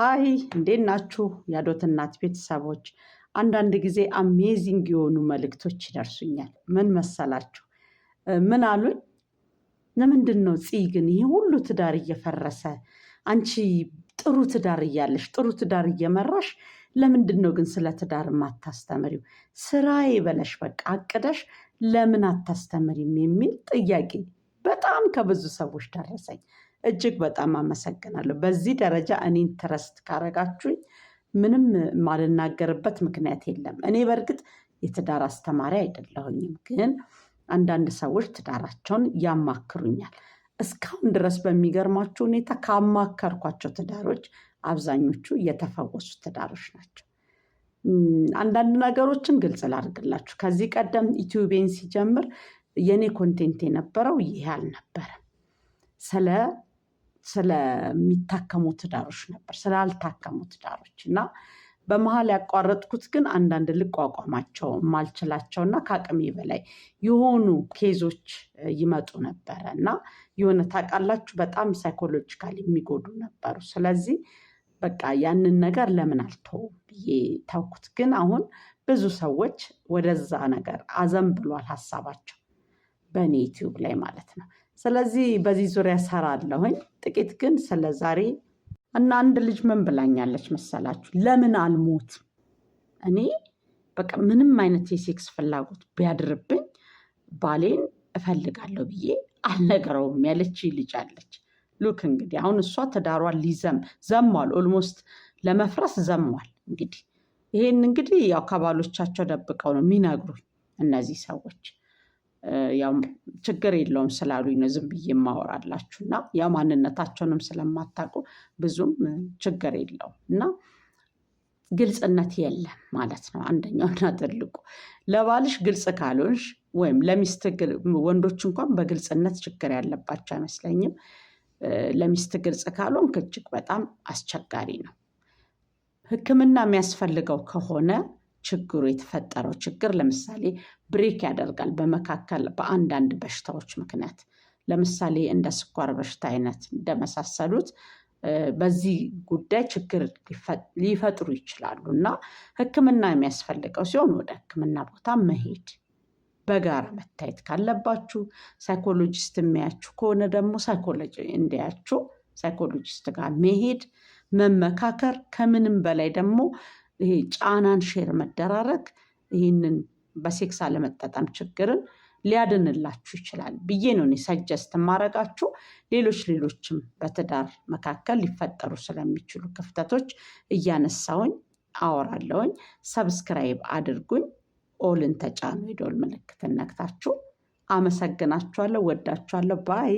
ሀይ እንዴት ናችሁ? የአዶት እናት ቤተሰቦች፣ አንዳንድ ጊዜ አሜዚንግ የሆኑ መልእክቶች ይደርሱኛል። ምን መሰላችሁ? ምን አሉኝ? ለምንድን ነው ፂ ግን ይህ ሁሉ ትዳር እየፈረሰ አንቺ ጥሩ ትዳር እያለሽ ጥሩ ትዳር እየመራሽ ለምንድን ነው ግን ስለ ትዳር ማታስተምሪው ስራዬ በለሽ በቃ አቅደሽ ለምን አታስተምሪም? የሚል ጥያቄ በጣም ከብዙ ሰዎች ደረሰኝ። እጅግ በጣም አመሰግናለሁ። በዚህ ደረጃ እኔን ትረስት ካረጋችሁኝ ምንም ማልናገርበት ምክንያት የለም። እኔ በእርግጥ የትዳር አስተማሪ አይደለሁኝም፣ ግን አንዳንድ ሰዎች ትዳራቸውን ያማክሩኛል። እስካሁን ድረስ በሚገርማችሁ ሁኔታ ካማከርኳቸው ትዳሮች አብዛኞቹ የተፈወሱ ትዳሮች ናቸው። አንዳንድ ነገሮችን ግልጽ ላድርግላችሁ። ከዚህ ቀደም ኢትዮቤን ሲጀምር የእኔ ኮንቴንት የነበረው ይህ አልነበረም። ስለ ስለሚታከሙ ትዳሮች ነበር፣ ስላልታከሙ ትዳሮች እና በመሀል ያቋረጥኩት ግን አንዳንድ ልቋቋማቸው ማልችላቸው እና ከአቅሜ በላይ የሆኑ ኬዞች ይመጡ ነበረ እና የሆነ ታውቃላችሁ፣ በጣም ሳይኮሎጂካል የሚጎዱ ነበሩ። ስለዚህ በቃ ያንን ነገር ለምን አልተውም ብዬ ታውኩት ግን አሁን ብዙ ሰዎች ወደዛ ነገር ብሏል ሀሳባቸው። በእኔ ዩቲዩብ ላይ ማለት ነው። ስለዚህ በዚህ ዙሪያ ሰራለሁኝ። ጥቂት ግን ስለ ዛሬ እና አንድ ልጅ ምን ብላኛለች መሰላችሁ? ለምን አልሞት እኔ በቃ ምንም አይነት የሴክስ ፍላጎት ቢያድርብኝ ባሌን እፈልጋለሁ ብዬ አልነገረውም ያለች ልጅ አለች። ሉክ እንግዲህ አሁን እሷ ትዳሯን ሊዘም ዘሟል፣ ኦልሞስት ለመፍረስ ዘሟል። እንግዲህ ይሄን እንግዲህ ያው ከባሎቻቸው ደብቀው ነው የሚነግሩኝ እነዚህ ሰዎች። ያው ችግር የለውም ስላሉኝ ነው ዝም ብዬ የማወራላችሁ እና ያው ማንነታቸውንም ስለማታውቁ ብዙም ችግር የለውም እና ግልጽነት የለም ማለት ነው። አንደኛው እና ትልቁ ለባልሽ ግልጽ ካልሆንሽ ወይም ለሚስት ወንዶች እንኳን በግልጽነት ችግር ያለባቸው አይመስለኝም። ለሚስት ግልጽ ካልሆንክ እጅግ በጣም አስቸጋሪ ነው። ሕክምና የሚያስፈልገው ከሆነ ችግሩ የተፈጠረው ችግር ለምሳሌ ብሬክ ያደርጋል በመካከል በአንዳንድ በሽታዎች ምክንያት ለምሳሌ እንደ ስኳር በሽታ አይነት እንደመሳሰሉት በዚህ ጉዳይ ችግር ሊፈጥሩ ይችላሉ እና ህክምና የሚያስፈልገው ሲሆን ወደ ህክምና ቦታ መሄድ በጋራ መታየት ካለባችሁ ሳይኮሎጂስት የሚያችሁ ከሆነ ደግሞ ሳይኮሎጂ እንዲያችሁ ሳይኮሎጂስት ጋር መሄድ መመካከር ከምንም በላይ ደግሞ ይሄ ጫናን ሼር መደራረግ ይህንን በሴክስ አለመጣጣም ችግርን ሊያድንላችሁ ይችላል ብዬ ነው እኔ ሰጀስት ማረጋችሁ ሌሎች ሌሎችም በትዳር መካከል ሊፈጠሩ ስለሚችሉ ክፍተቶች እያነሳውኝ አወራለውኝ። ሰብስክራይብ አድርጉኝ፣ ኦልን ተጫኑ፣ የደወል ምልክት ነክታችሁ። አመሰግናችኋለሁ፣ ወዳችኋለሁ። ባይ